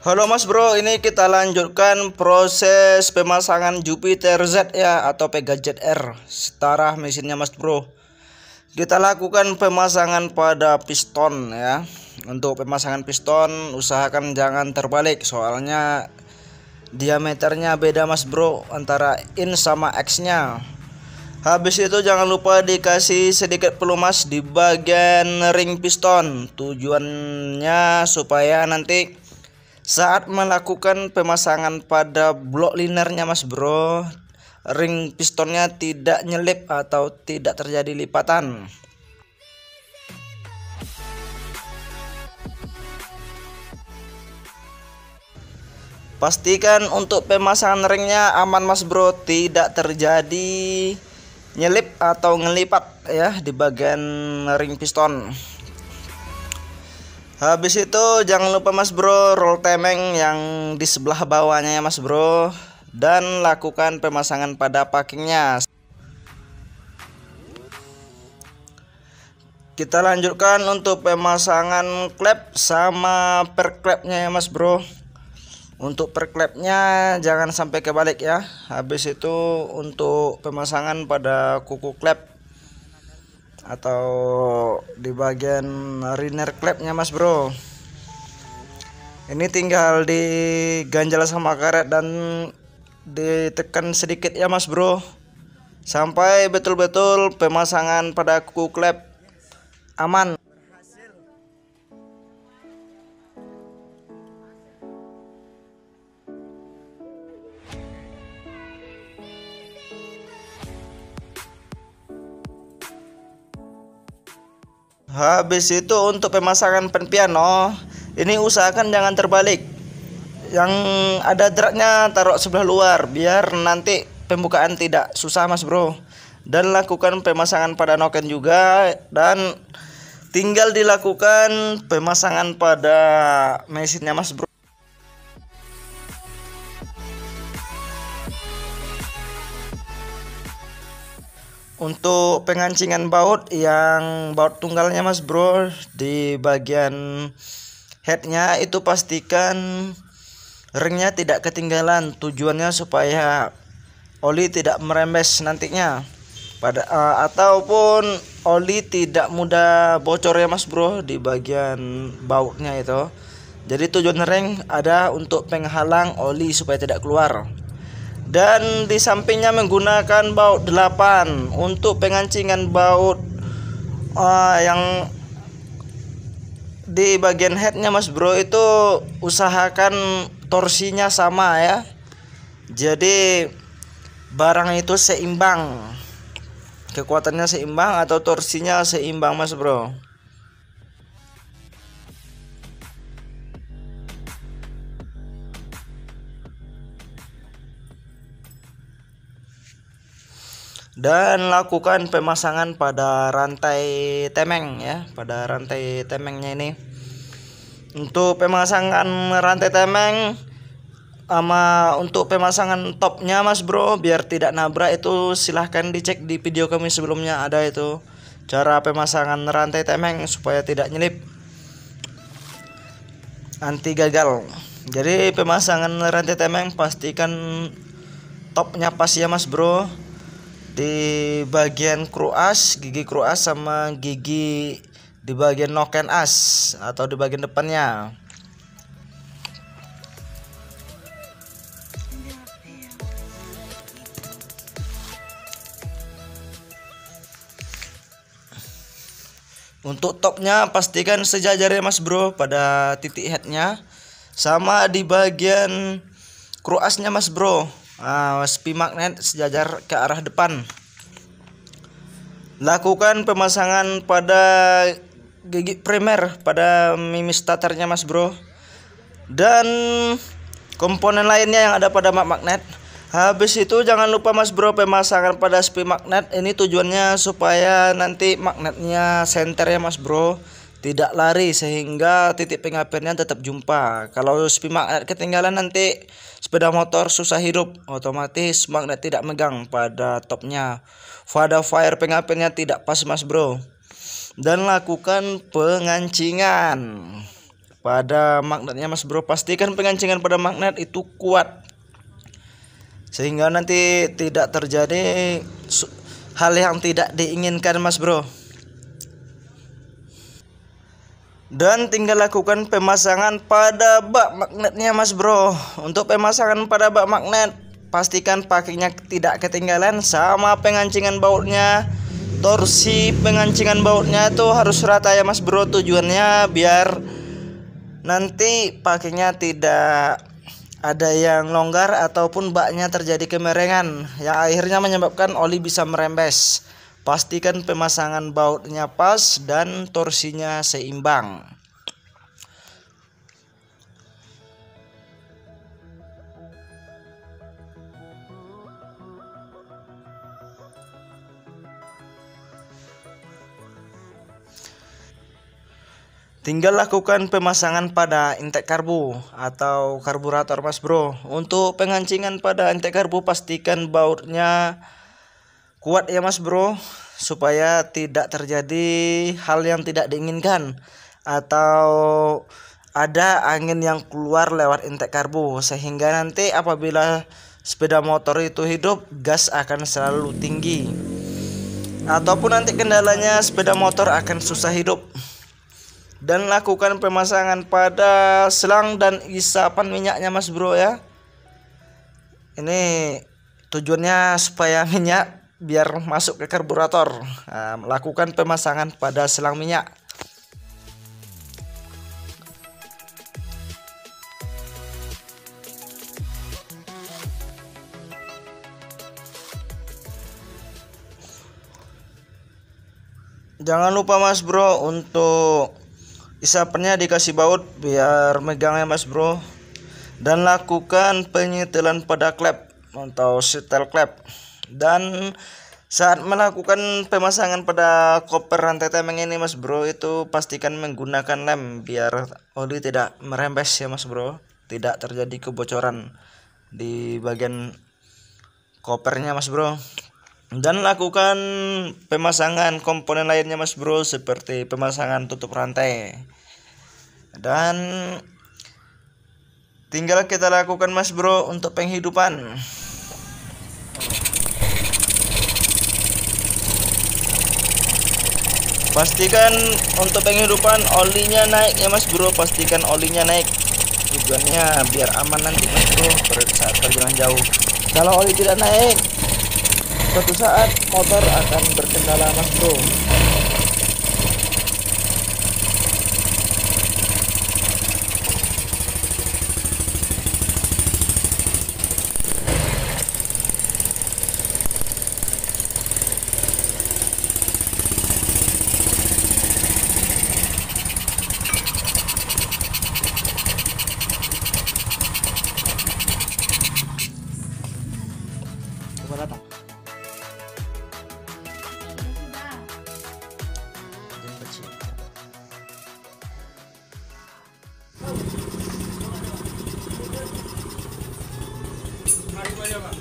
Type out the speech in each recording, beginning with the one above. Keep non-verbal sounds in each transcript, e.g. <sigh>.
Halo Mas Bro, ini kita lanjutkan proses pemasangan Jupiter Z ya atau Pegajet R setara mesinnya Mas Bro. Kita lakukan pemasangan pada piston ya. Untuk pemasangan piston usahakan jangan terbalik soalnya diameternya beda Mas Bro antara in sama X-nya. Habis itu jangan lupa dikasih sedikit pelumas di bagian ring piston. Tujuannya supaya nanti saat melakukan pemasangan pada blok linernya mas bro ring pistonnya tidak nyelip atau tidak terjadi lipatan Pastikan untuk pemasangan ringnya aman mas bro Tidak terjadi nyelip atau ngelipat ya di bagian ring piston Habis itu jangan lupa Mas Bro roll temeng yang di sebelah bawahnya ya Mas Bro dan lakukan pemasangan pada packingnya. Kita lanjutkan untuk pemasangan klep sama per klepnya ya Mas Bro. Untuk per klepnya jangan sampai kebalik ya. Habis itu untuk pemasangan pada kuku klep atau di bagian riner klepnya mas bro ini tinggal diganjal sama karet dan ditekan sedikit ya mas bro sampai betul-betul pemasangan pada kuku klep aman Habis itu untuk pemasangan pen piano, ini usahakan jangan terbalik. Yang ada dratnya taruh sebelah luar biar nanti pembukaan tidak susah Mas Bro. Dan lakukan pemasangan pada noken juga dan tinggal dilakukan pemasangan pada mesinnya Mas Bro. untuk pengancingan baut yang baut tunggalnya mas bro di bagian headnya itu pastikan ringnya tidak ketinggalan tujuannya supaya oli tidak merembes nantinya pada uh, ataupun oli tidak mudah bocor ya mas bro di bagian bautnya itu jadi tujuan ring ada untuk penghalang oli supaya tidak keluar dan di sampingnya menggunakan baut 8 untuk pengancingan baut uh, yang di bagian headnya mas bro itu usahakan torsinya sama ya jadi barang itu seimbang kekuatannya seimbang atau torsinya seimbang mas bro dan lakukan pemasangan pada rantai temeng ya pada rantai temengnya ini untuk pemasangan rantai temeng sama untuk pemasangan topnya mas bro biar tidak nabrak itu silahkan dicek di video kami sebelumnya ada itu cara pemasangan rantai temeng supaya tidak nyelip anti gagal jadi pemasangan rantai temeng pastikan topnya pas ya mas bro di bagian kru as gigi kru as sama gigi di bagian noken as atau di bagian depannya Untuk topnya pastikan sejajar ya mas bro pada titik headnya Sama di bagian kruasnya mas bro Nah, spi magnet sejajar ke arah depan. Lakukan pemasangan pada gigi primer pada mimis starternya Mas Bro. Dan komponen lainnya yang ada pada mak magnet. Habis itu jangan lupa Mas Bro pemasangan pada spi magnet. Ini tujuannya supaya nanti magnetnya ya Mas Bro tidak lari sehingga titik pengapiannya tetap jumpa. Kalau spi magnet ketinggalan nanti Sepeda motor susah hidup, otomatis magnet tidak megang pada topnya. Pada fire pengapennya tidak pas mas bro. Dan lakukan pengancingan pada magnetnya mas bro. Pastikan pengancingan pada magnet itu kuat. Sehingga nanti tidak terjadi hal yang tidak diinginkan mas bro. dan tinggal lakukan pemasangan pada bak magnetnya mas bro untuk pemasangan pada bak magnet pastikan pakainya tidak ketinggalan sama pengancingan bautnya torsi pengancingan bautnya itu harus rata ya mas bro tujuannya biar nanti pakainya tidak ada yang longgar ataupun baknya terjadi kemerengan yang akhirnya menyebabkan oli bisa merembes Pastikan pemasangan bautnya pas dan torsinya seimbang. Tinggal lakukan pemasangan pada intake karbu atau karburator mas bro Untuk pengancingan pada intake karbu pastikan bautnya kuat ya Mas Bro supaya tidak terjadi hal yang tidak diinginkan atau ada angin yang keluar lewat intake karbu sehingga nanti apabila sepeda motor itu hidup gas akan selalu tinggi ataupun nanti kendalanya sepeda motor akan susah hidup dan lakukan pemasangan pada selang dan isapan minyaknya Mas Bro ya ini tujuannya supaya <laughs> minyak biar masuk ke karburator nah, lakukan pemasangan pada selang minyak jangan lupa mas bro untuk isapannya dikasih baut biar megang ya mas bro dan lakukan penyetelan pada klep atau setel klep dan saat melakukan pemasangan pada koper rantai temeng ini mas bro itu pastikan menggunakan lem biar oli tidak merembes ya mas bro tidak terjadi kebocoran di bagian kopernya mas bro dan lakukan pemasangan komponen lainnya mas bro seperti pemasangan tutup rantai dan tinggal kita lakukan mas bro untuk penghidupan pastikan untuk penghidupan olinya naik ya mas bro pastikan olinya naik tujuannya biar aman nanti mas bro saat perjalanan jauh kalau oli tidak naik suatu saat motor akan berkendala mas bro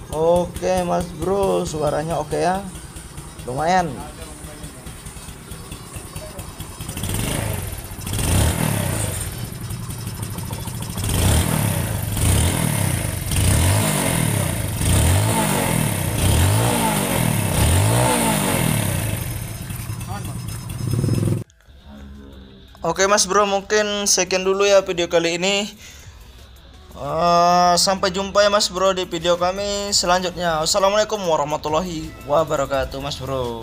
Oke okay, mas bro suaranya oke okay ya Lumayan Oke mas bro mungkin sekian dulu ya video kali ini uh, Sampai jumpa ya mas bro di video kami selanjutnya Assalamualaikum warahmatullahi wabarakatuh mas bro